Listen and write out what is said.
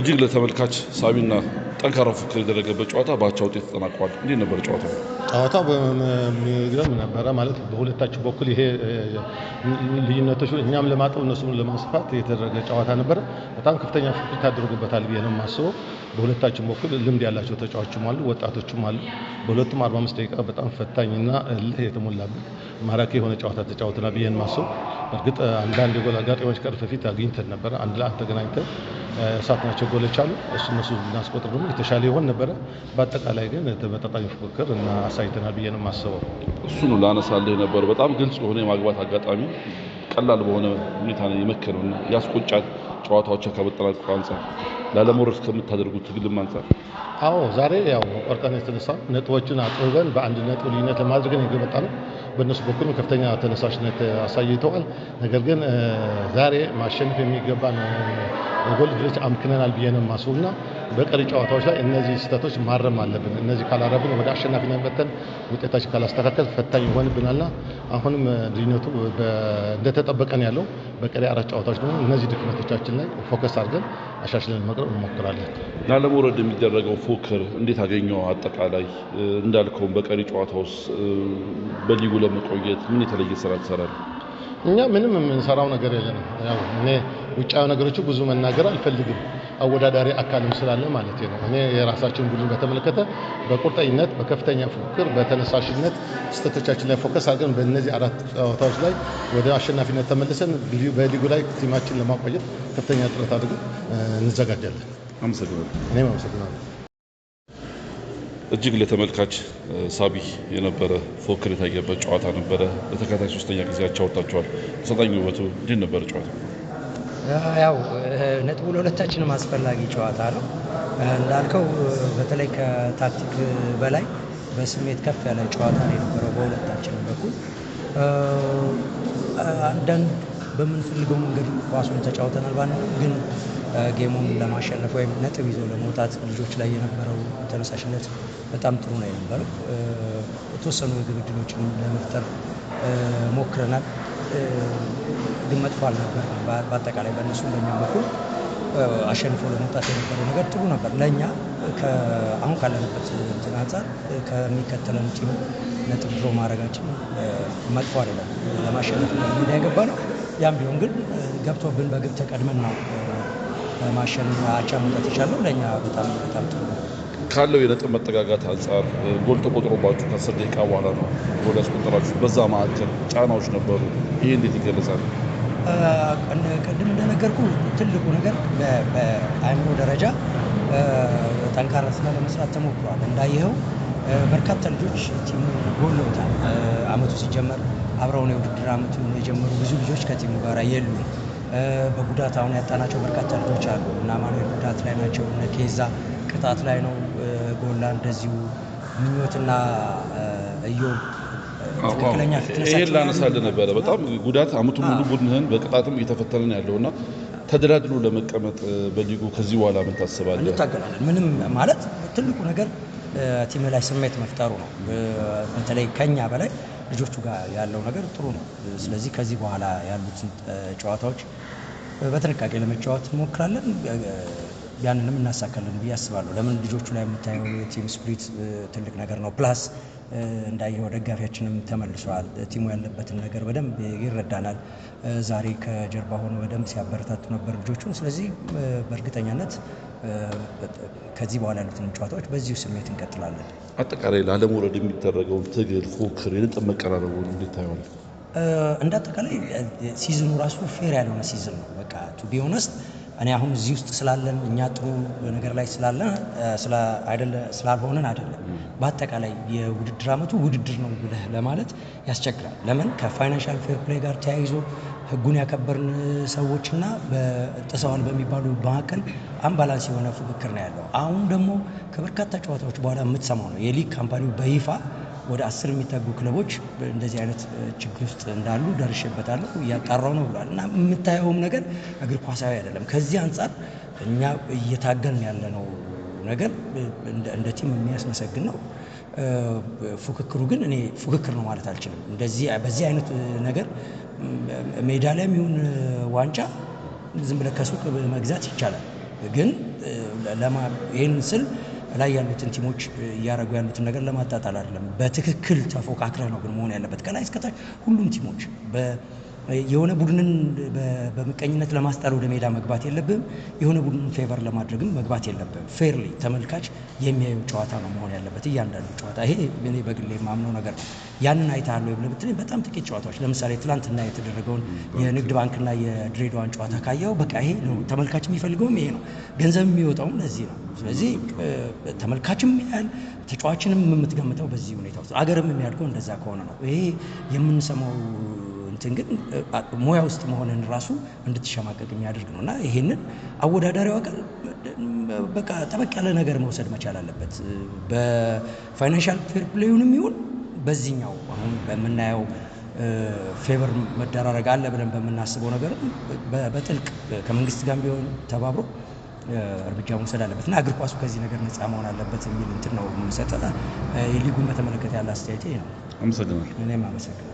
እጅግ ለተመልካች ሳቢና ጠንካራ ፉክክር የደረገበት ጨዋታ በአቻ ውጤት ተጠናቋል። እንዴት ነበር ጨዋታው? ጨዋታው በሚገርም ነበረ። ማለት በሁለታችን በኩል ይሄ ልዩነቶች እኛም ለማጠብ እነሱም ለማስፋት የተደረገ ጨዋታ ነበረ። በጣም ከፍተኛ ፉክክር ታደርጉበታል ብዬ ነው የማስበው። በሁለታችን በኩል ልምድ ያላቸው ተጫዋቾችም አሉ፣ ወጣቶችም አሉ። በሁለቱም 45 ደቂቃ በጣም ፈታኝና እልህ የተሞላበት ማራኪ የሆነ ጨዋታ ተጫውተናል ብዬ ነው የማስበው። በእርግጥ አንዳንድ የጎል አጋጣሚዎች ቀር በፊት አግኝተን ነበረ። አንድ ለአንድ ተገናኝተን ሳትናቸው ጎሎች አሉ። እሱ እነሱ ብናስቆጥር ደግሞ የተሻለ ይሆን ነበረ። በአጠቃላይ ግን ተመጣጣኝ ፉክክር እና አሳይተናል ብዬን ነው እሱ ነው ላነሳልህ ነበረ። በጣም ግልጽ የሆነ የማግባት አጋጣሚ ቀላል በሆነ ሁኔታ ነው የመከነው እና ያስቆጫል ጨዋታዎችን ከመጠናቀቁ አንጻር ላለመውረድ ከምታደርጉት ትግልም አንጻር አዎ ዛሬ ያው ቆርጠን የተነሳ ነጥቦችን አጥበን በአንድ ነጥብ ልዩነት ለማድረግ ነው የመጣ ነው። በእነሱ በኩልም ከፍተኛ ተነሳሽነት አሳይተዋል። ነገር ግን ዛሬ ማሸነፍ የሚገባን የጎል ድርጅት አምክነናል ብዬ ነው የማስበው እና በቀሪ ጨዋታዎች ላይ እነዚህ ስህተቶች ማረም አለብን። እነዚህ ካላረብን ወደ አሸናፊነት መጥተን ውጤታችን ካላስተካከል ፈታኝ ይሆንብናልና አሁንም ልዩነቱ እንደተጠበቀን ያለው በቀሪ አራት ጨዋታዎች ደግሞ እነዚህ ድክመቶቻችን ላይ ፎከስ አድርገን አሻሽለን መቅረብ እንሞክራለን። ላለመውረድ የሚደረገው ፉክክር እንዴት አገኘው? አጠቃላይ እንዳልከውም በቀሪ ጨዋታ ውስጥ በሊጉ ለመቆየት ምን የተለየ ስራ ትሰራለህ? እኛ ምንም የምንሰራው ነገር የለንም። ያው እኔ ውጫዊ ነገሮቹ ብዙ መናገር አልፈልግም፣ አወዳዳሪ አካልም ስላለ ማለት ነው። እኔ የራሳችን ቡድን በተመለከተ በቁርጠኝነት በከፍተኛ ፉክክር፣ በተነሳሽነት ስህተቶቻችን ላይ ፎከስ አድርገን በእነዚህ አራት ጨዋታዎች ላይ ወደ አሸናፊነት ተመልሰን በሊጉ ላይ ቲማችን ለማቆየት ከፍተኛ ጥረት አድርገን እንዘጋጃለን። አመሰግናለሁ። እኔም አመሰግናለሁ። እጅግ ለተመልካች ሳቢ የነበረ ፎክር የታየበት ጨዋታ ነበረ። በተከታታይ ሶስተኛ ጊዜ አቻ ወጥታችኋል። አሰልጣኝ ውበቱ እንዴት ነበረ ጨዋታ? ያው ነጥቡ ለሁለታችንም አስፈላጊ ጨዋታ ነው እንዳልከው፣ በተለይ ከታክቲክ በላይ በስሜት ከፍ ያለ ጨዋታ ነው የነበረው በሁለታችንም በኩል አንዳንድ በምንፈልገው መንገድ ኳሱን ተጫውተናል ባን ግን ጌሙን ለማሸነፍ ወይም ነጥብ ይዘው ለመውጣት ልጆች ላይ የነበረው ተነሳሽነት በጣም ጥሩ ነው የነበረው። የተወሰኑ የግብ ዕድሎችን ለመፍጠር ሞክረናል፣ ግን መጥፎ አልነበርም። በአጠቃላይ በእነሱ በእኛ በኩል አሸንፎ ለመውጣት የነበረው ነገር ጥሩ ነበር ለእኛ አሁን ካለንበት እንትን አንጻር ከሚከተለን ቲም ነጥብ ድሮ ማድረጋችን መጥፎ አይደለም። ለማሸነፍ ሜዳ የገባ ነው። ያም ቢሆን ግን ገብቶብን በግብ ተቀድመን ነው ማሸን አቻ መውጣት የቻለው ለእኛ በጣም በጣም ጥሩ ነው። ካለው የነጥብ መጠጋጋት አንጻር ጎል ተቆጥሮባችሁ ከአስር ደቂቃ በኋላ ነው ጎል ያስቆጠራችሁ። በዛ መካከል ጫናዎች ነበሩ። ይህ እንዴት ይገለጻል? ቅድም እንደነገርኩ ትልቁ ነገር በአእምሮ ደረጃ ጠንካራ ስራ ለመስራት ተሞክሯል። እንዳየኸው በርካታ ልጆች ቲሙ ጎለውታል። አመቱ ሲጀመር አብረውን የውድድር አመቱ የጀመሩ ብዙ ልጆች ከቲሙ ጋር የሉ። በጉዳት አሁን ያጣናቸው በርካታ ልጆች አሉ እና ማኑኤል ጉዳት ላይ ናቸው። እነ ኬዛ ቅጣት ላይ ነው ጎላ እንደዚሁ ምኞትና እዮብ ይሄን ላነሳል ነበረ። በጣም ጉዳት አመቱ ሙሉ ቡድንህን በቅጣትም እየተፈተነ ያለው እና ተደላድሎ ለመቀመጥ በሊጉ ከዚህ በኋላ ምን ታስባለህ? እንታገላለን። ምንም ማለት ትልቁ ነገር ቲም ላይ ስሜት መፍጠሩ ነው። በተለይ ከኛ በላይ ልጆቹ ጋር ያለው ነገር ጥሩ ነው። ስለዚህ ከዚህ በኋላ ያሉትን ጨዋታዎች በጥንቃቄ ለመጫወት እንሞክራለን። ያንንም እናሳካለን ብዬ አስባለሁ። ለምን ልጆቹ ላይ የምታየው የቲም ስፕሪት ትልቅ ነገር ነው። ፕላስ እንዳየው ደጋፊያችንም ተመልሷል። ቲሙ ያለበትን ነገር በደንብ ይረዳናል። ዛሬ ከጀርባ ሆኖ በደንብ ሲያበረታቱ ነበር ልጆቹን። ስለዚህ በእርግጠኛነት ከዚህ በኋላ ያሉትን ጨዋታዎች በዚሁ ስሜት እንቀጥላለን። አጠቃላይ ላለመውረድ የሚደረገውን ትግል፣ ፉክክር፣ የነጥብ መቀራረቡን እንዴት ታየዋል? እንደ አጠቃላይ ሲዝኑ ራሱ ፌር ያልሆነ ሲዝን ነው። በቃ ቱ ቢ እኔ አሁን እዚህ ውስጥ ስላለን እኛ ጥሩ ነገር ላይ ስላለን ስላልሆነን አይደለም። በአጠቃላይ የውድድር ዓመቱ ውድድር ነው ብለህ ለማለት ያስቸግራል። ለምን ከፋይናንሻል ፌር ፕሌይ ጋር ተያይዞ ህጉን ያከበርን ሰዎችና ጥሰዋል በሚባሉ መካከል አምባላንስ የሆነ ፉክክር ነው ያለው። አሁን ደግሞ ከበርካታ ጨዋታዎች በኋላ የምትሰማው ነው የሊግ ካምፓኒው በይፋ ወደ አስር የሚጠጉ ክለቦች እንደዚህ አይነት ችግር ውስጥ እንዳሉ ደርሼበታለሁ እያጣራው ነው ብሏል። እና የምታየውም ነገር እግር ኳሳዊ አይደለም። ከዚህ አንጻር እኛ እየታገልን ያለነው ነገር እንደ ቲም የሚያስመሰግን ነው። ፉክክሩ ግን እኔ ፉክክር ነው ማለት አልችልም። እንደዚህ በዚህ አይነት ነገር ላይ የሚሆን ዋንጫ ዝም ብለህ ከሱቅ መግዛት ይቻላል። ግን ይህን ስል ላይ ያሉትን ቲሞች እያደረጉ ያሉትን ነገር ለማጣጣል አይደለም። በትክክል ተፎካክረህ ነው ግን መሆን ያለበት ከላይ እስከታች ሁሉም ቲሞች የሆነ ቡድንን በምቀኝነት ለማስጣል ወደ ሜዳ መግባት የለብም። የሆነ ቡድንን ፌቨር ለማድረግም መግባት የለብም። ፌርሊ ተመልካች የሚያየው ጨዋታ ነው መሆን ያለበት እያንዳንዱ ጨዋታ። ይሄ እኔ በግሌ የማምነው ነገር ነው። ያንን አይተሃል ወይ ብለህ ብትለኝ በጣም ጥቂት ጨዋታዎች፣ ለምሳሌ ትላንትና የተደረገውን የንግድ ባንክና የድሬዳዋን ጨዋታ ካየው በቃ ይሄ ነው ተመልካች የሚፈልገውም ይሄ ነው። ገንዘብ የሚወጣውም ለዚህ ነው። ስለዚህ ተመልካችም ያህል ተጫዋችንም የምትገምተው በዚህ ሁኔታ ውስጥ አገርም የሚያድገው እንደዛ ከሆነ ነው። ይሄ የምንሰማው እንትን ግን ሙያ ውስጥ መሆንን ራሱ እንድትሸማቀቅ የሚያደርግ ነው እና ይሄንን አወዳዳሪው አካል በቃ ጠበቅ ያለ ነገር መውሰድ መቻል አለበት። በፋይናንሻል ፌር ፕሌዩንም ይሁን በዚህኛው አሁን በምናየው ፌቨር መደራረግ አለ ብለን በምናስበው ነገር በጥልቅ ከመንግስት ጋር ቢሆን ተባብሮ እርምጃ መውሰድ አለበት እና እግር ኳሱ ከዚህ ነገር ነፃ መሆን አለበት የሚል እንትን ነው የምሰጠ። ሊጉን በተመለከተ ያለ አስተያየት ነው። አመሰግናለሁ። እኔም አመሰግናለሁ።